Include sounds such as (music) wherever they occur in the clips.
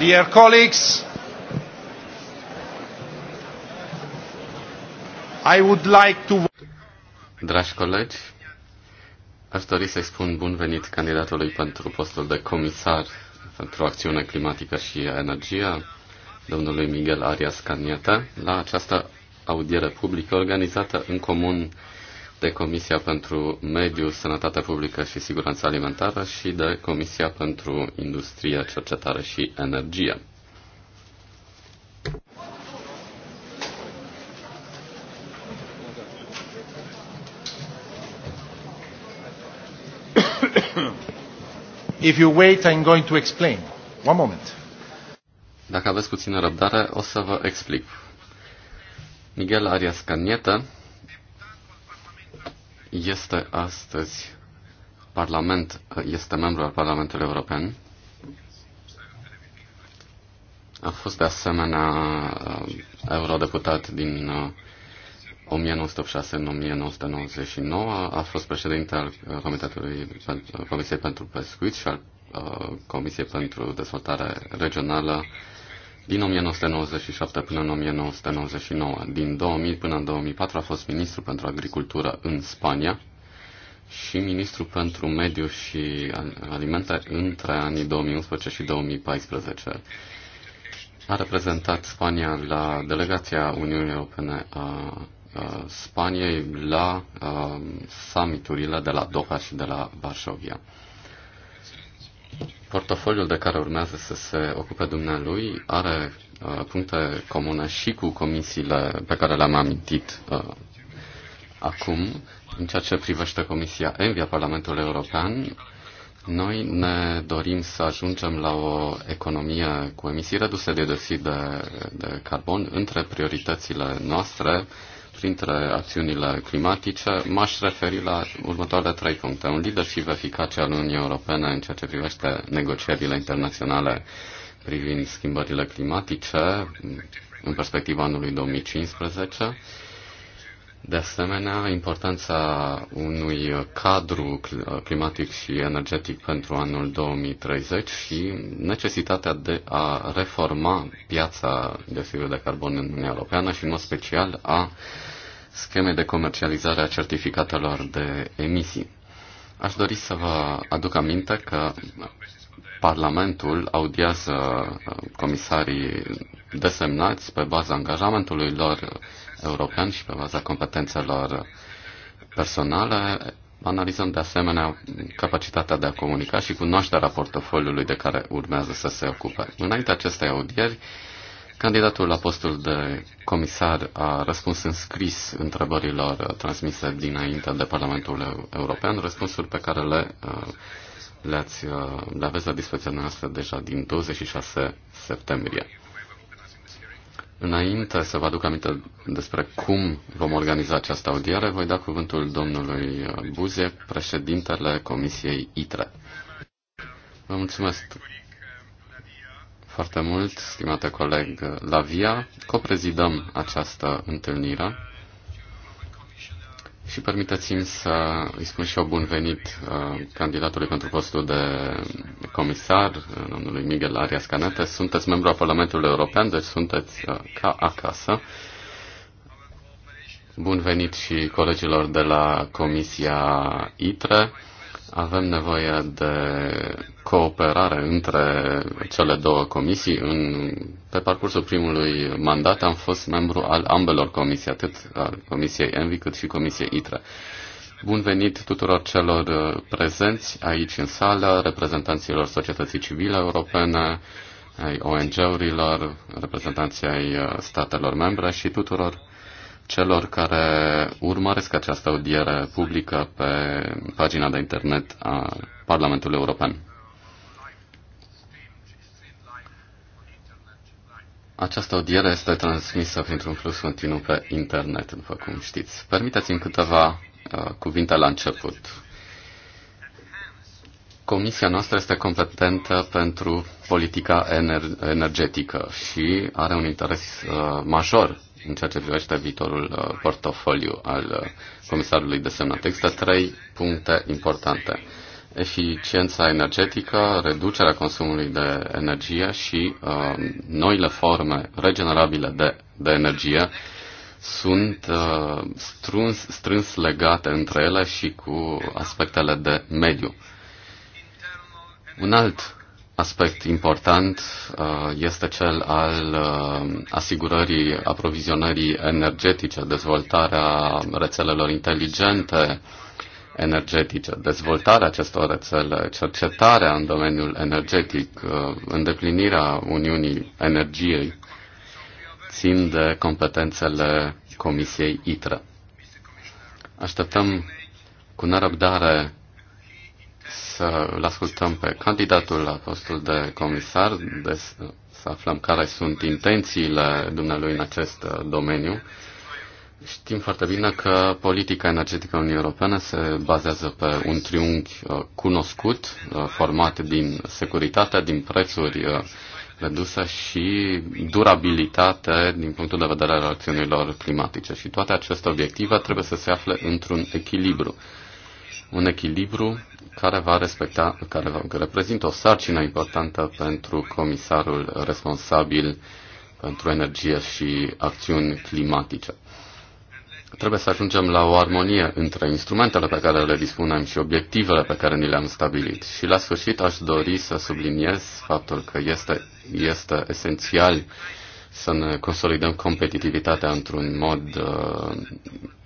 Dear colleagues, I would like to... Dragi colegi, aș dori să-i spun bun venit candidatului pentru postul de comisar pentru acțiune climatică și energia, domnului Miguel Arias Canieta, la această audiere publică organizată în comun de Comisia pentru Mediu, Sănătatea Publică și Siguranța Alimentară și de Comisia pentru Industrie, Cercetare și Energie. (coughs) If you wait, I'm going to explain. One moment. Dacă aveți puțină răbdare, o să vă explic. Miguel Arias Canieta este astăzi parlament, este membru al Parlamentului European. A fost de asemenea uh, eurodeputat din 1986 uh, 1999, a fost președinte al uh, Comitetului Comisiei pentru Pescuit și al Comisiei pentru Dezvoltare Regională din 1997 până în 1999, din 2000 până în 2004 a fost ministru pentru agricultură în Spania și ministru pentru mediu și alimente între anii 2011 și 2014. A reprezentat Spania la delegația Uniunii Europene a Spaniei la summiturile de la Doha și de la Varșovia. Portofoliul de care urmează să se ocupe dumnealui are uh, puncte comune și cu comisiile pe care le-am amintit uh, acum. În ceea ce privește Comisia Envia Parlamentului European, noi ne dorim să ajungem la o economie cu emisii reduse de dioxid de, de carbon între prioritățile noastre uh, printre acțiunile climatice, m-aș referi la următoarele trei puncte. Un leadership eficace al Uniunii Europene în ceea ce privește negocierile internaționale privind schimbările climatice în perspectiva anului 2015, de asemenea, importanța unui cadru climatic și energetic pentru anul 2030 și necesitatea de a reforma piața de de, de carbon în Uniunea Europeană și, în mod special, a schemei de comercializare a certificatelor de emisii. Aș dori să vă aduc aminte că Parlamentul audiază comisarii desemnați pe baza angajamentului lor european și pe baza competențelor personale. Analizăm de asemenea capacitatea de a comunica și cunoașterea portofoliului de care urmează să se ocupe. Înainte acestei audieri, Candidatul la postul de comisar a răspuns în scris întrebărilor transmise dinainte de Parlamentul European, răspunsuri pe care le, le, ați, le aveți la dispoziția noastră deja din 26 septembrie. Înainte să vă aduc aminte despre cum vom organiza această audiere, voi da cuvântul domnului Buze, președintele Comisiei ITRE. Vă mulțumesc foarte mult, stimate coleg Lavia. Coprezidăm această întâlnire și permiteți-mi să îi spun și eu bun venit uh, candidatului pentru postul de comisar, uh, domnului Miguel Arias Canete. Sunteți membru al Parlamentului European, deci sunteți uh, ca acasă. Bun venit și colegilor de la Comisia ITRE. Avem nevoie de cooperare între cele două comisii. În, pe parcursul primului mandat am fost membru al ambelor comisii, atât al Comisiei Envi cât și Comisiei ITRE. Bun venit tuturor celor uh, prezenți aici în sală, reprezentanților societății civile europene, ai ONG-urilor, reprezentanții ai uh, statelor membre și tuturor celor care urmăresc această audiere publică pe pagina de internet a Parlamentului European. Această audiere este transmisă printr-un flux continuu pe internet, după cum știți. Permiteți-mi câteva uh, cuvinte la început. Comisia noastră este competentă pentru politica ener- energetică și are un interes uh, major în ceea ce privește viitorul uh, portofoliu al uh, comisarului desemnat. Există trei puncte importante. Uh, eficiența energetică, reducerea consumului de energie și uh, noile forme regenerabile de, de energie sunt uh, strâns, strâns legate între ele și cu aspectele de mediu. Un alt aspect important uh, este cel al uh, asigurării aprovizionării energetice, dezvoltarea rețelelor inteligente, energetice. Dezvoltarea acestor rețele, cercetarea în domeniul energetic, uh, îndeplinirea Uniunii Energiei țin de competențele Comisiei ITRE. Așteptăm cu nerăbdare să-l ascultăm pe candidatul la postul de comisar, de să aflăm care sunt intențiile dumnealui în acest uh, domeniu Știm foarte bine că politica energetică a Uniunii Europene se bazează pe un triunghi uh, cunoscut, uh, format din securitate, din prețuri uh, redusă și durabilitate din punctul de vedere al acțiunilor climatice. Și toate aceste obiective trebuie să se afle într-un echilibru. Un echilibru care va respecta, care va, reprezintă o sarcină importantă pentru comisarul responsabil pentru energie și acțiuni climatice. Trebuie să ajungem la o armonie între instrumentele pe care le dispunem și obiectivele pe care ni le-am stabilit. Și la sfârșit aș dori să subliniez faptul că este, este esențial să ne consolidăm competitivitatea într-un mod uh,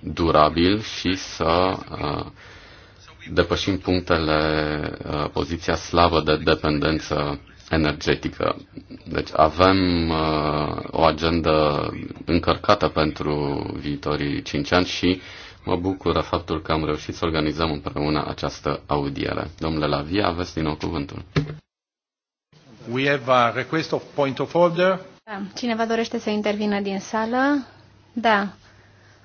durabil și să uh, depășim punctele, uh, poziția slavă de dependență energetică. Deci avem uh, o agendă încărcată pentru viitorii 5 ani și mă bucură faptul că am reușit să organizăm împreună această audiere. Domnule Lavia, aveți din nou cuvântul. We have a request of point of order. Da. Cineva dorește să intervină din sală? Da.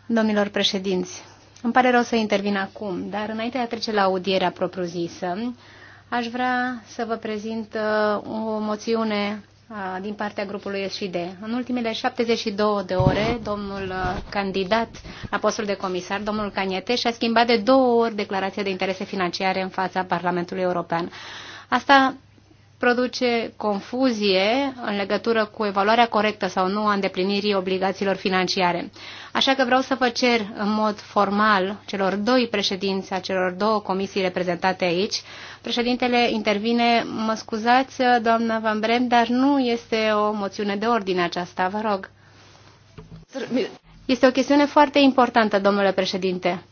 Domnilor președinți, îmi pare rău să intervin acum, dar înainte de a trece la audierea propriu-zisă, Aș vrea să vă prezint uh, o moțiune uh, din partea grupului SID. În ultimele 72 de ore, domnul uh, candidat la postul de comisar, domnul Caniete, și-a schimbat de două ori declarația de interese financiare în fața Parlamentului European. Asta produce confuzie în legătură cu evaluarea corectă sau nu a îndeplinirii obligațiilor financiare. Așa că vreau să vă cer în mod formal celor doi președinți a celor două comisii reprezentate aici. Președintele intervine, mă scuzați, doamna Van Brem, dar nu este o moțiune de ordine aceasta, vă rog. Este o chestiune foarte importantă, domnule președinte.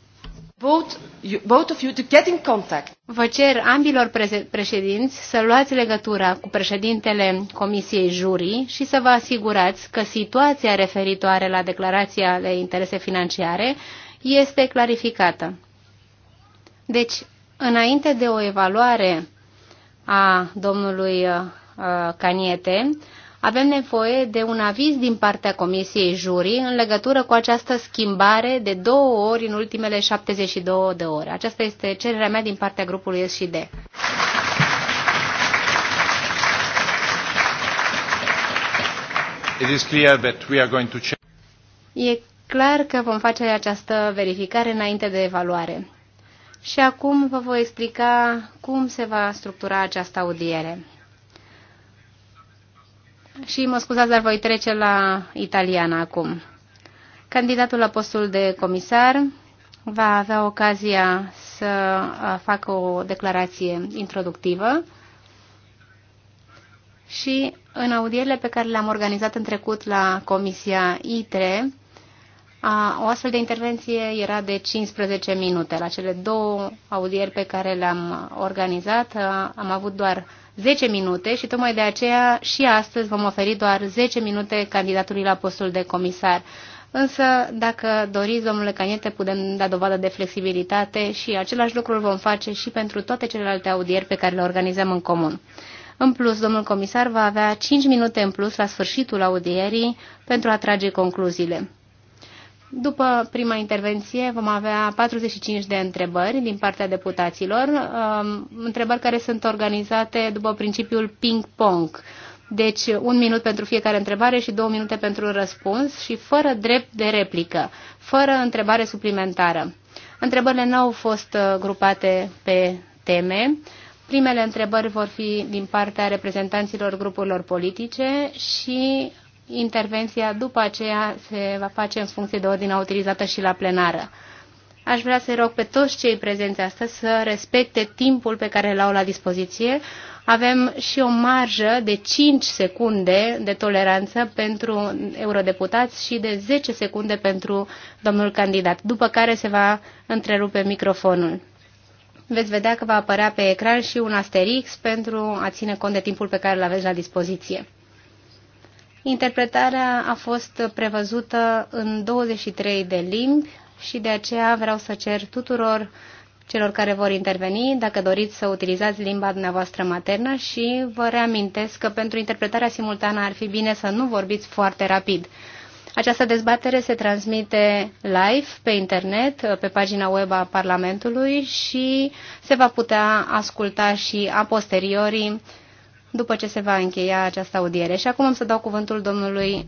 Both, you, both of you to get in contact. Vă cer ambilor președinți să luați legătura cu președintele Comisiei Jurii și să vă asigurați că situația referitoare la declarația de interese financiare este clarificată. Deci, înainte de o evaluare a domnului uh, Caniete, avem nevoie de un aviz din partea Comisiei juri în legătură cu această schimbare de două ori în ultimele 72 de ore. Aceasta este cererea mea din partea grupului D. It is clear that we are going to check. E clar că vom face această verificare înainte de evaluare. Și acum vă voi explica cum se va structura această audiere și mă scuzați, dar voi trece la italiană acum. Candidatul la postul de comisar va avea ocazia să facă o declarație introductivă și în audierile pe care le-am organizat în trecut la Comisia ITRE, a, o astfel de intervenție era de 15 minute. La cele două audieri pe care le-am organizat, a, am avut doar 10 minute și tocmai de aceea și astăzi vom oferi doar 10 minute candidatului la postul de comisar. Însă, dacă doriți, domnule Caniete, putem da dovadă de flexibilitate și același lucru îl vom face și pentru toate celelalte audieri pe care le organizăm în comun. În plus, domnul comisar va avea 5 minute în plus la sfârșitul audierii pentru a trage concluziile. După prima intervenție vom avea 45 de întrebări din partea deputaților, um, întrebări care sunt organizate după principiul ping-pong. Deci un minut pentru fiecare întrebare și două minute pentru răspuns și fără drept de replică, fără întrebare suplimentară. Întrebările nu au fost uh, grupate pe teme. Primele întrebări vor fi din partea reprezentanților grupurilor politice și intervenția după aceea se va face în funcție de ordinea utilizată și la plenară. Aș vrea să rog pe toți cei prezenți astăzi să respecte timpul pe care l-au la dispoziție. Avem și o marjă de 5 secunde de toleranță pentru eurodeputați și de 10 secunde pentru domnul candidat, după care se va întrerupe microfonul. Veți vedea că va apărea pe ecran și un asterix pentru a ține cont de timpul pe care îl aveți la dispoziție. Interpretarea a fost prevăzută în 23 de limbi și de aceea vreau să cer tuturor celor care vor interveni, dacă doriți să utilizați limba dumneavoastră maternă și vă reamintesc că pentru interpretarea simultană ar fi bine să nu vorbiți foarte rapid. Această dezbatere se transmite live pe internet, pe pagina web a Parlamentului și se va putea asculta și a posteriorii după ce se va încheia această audiere. Și acum am să dau cuvântul domnului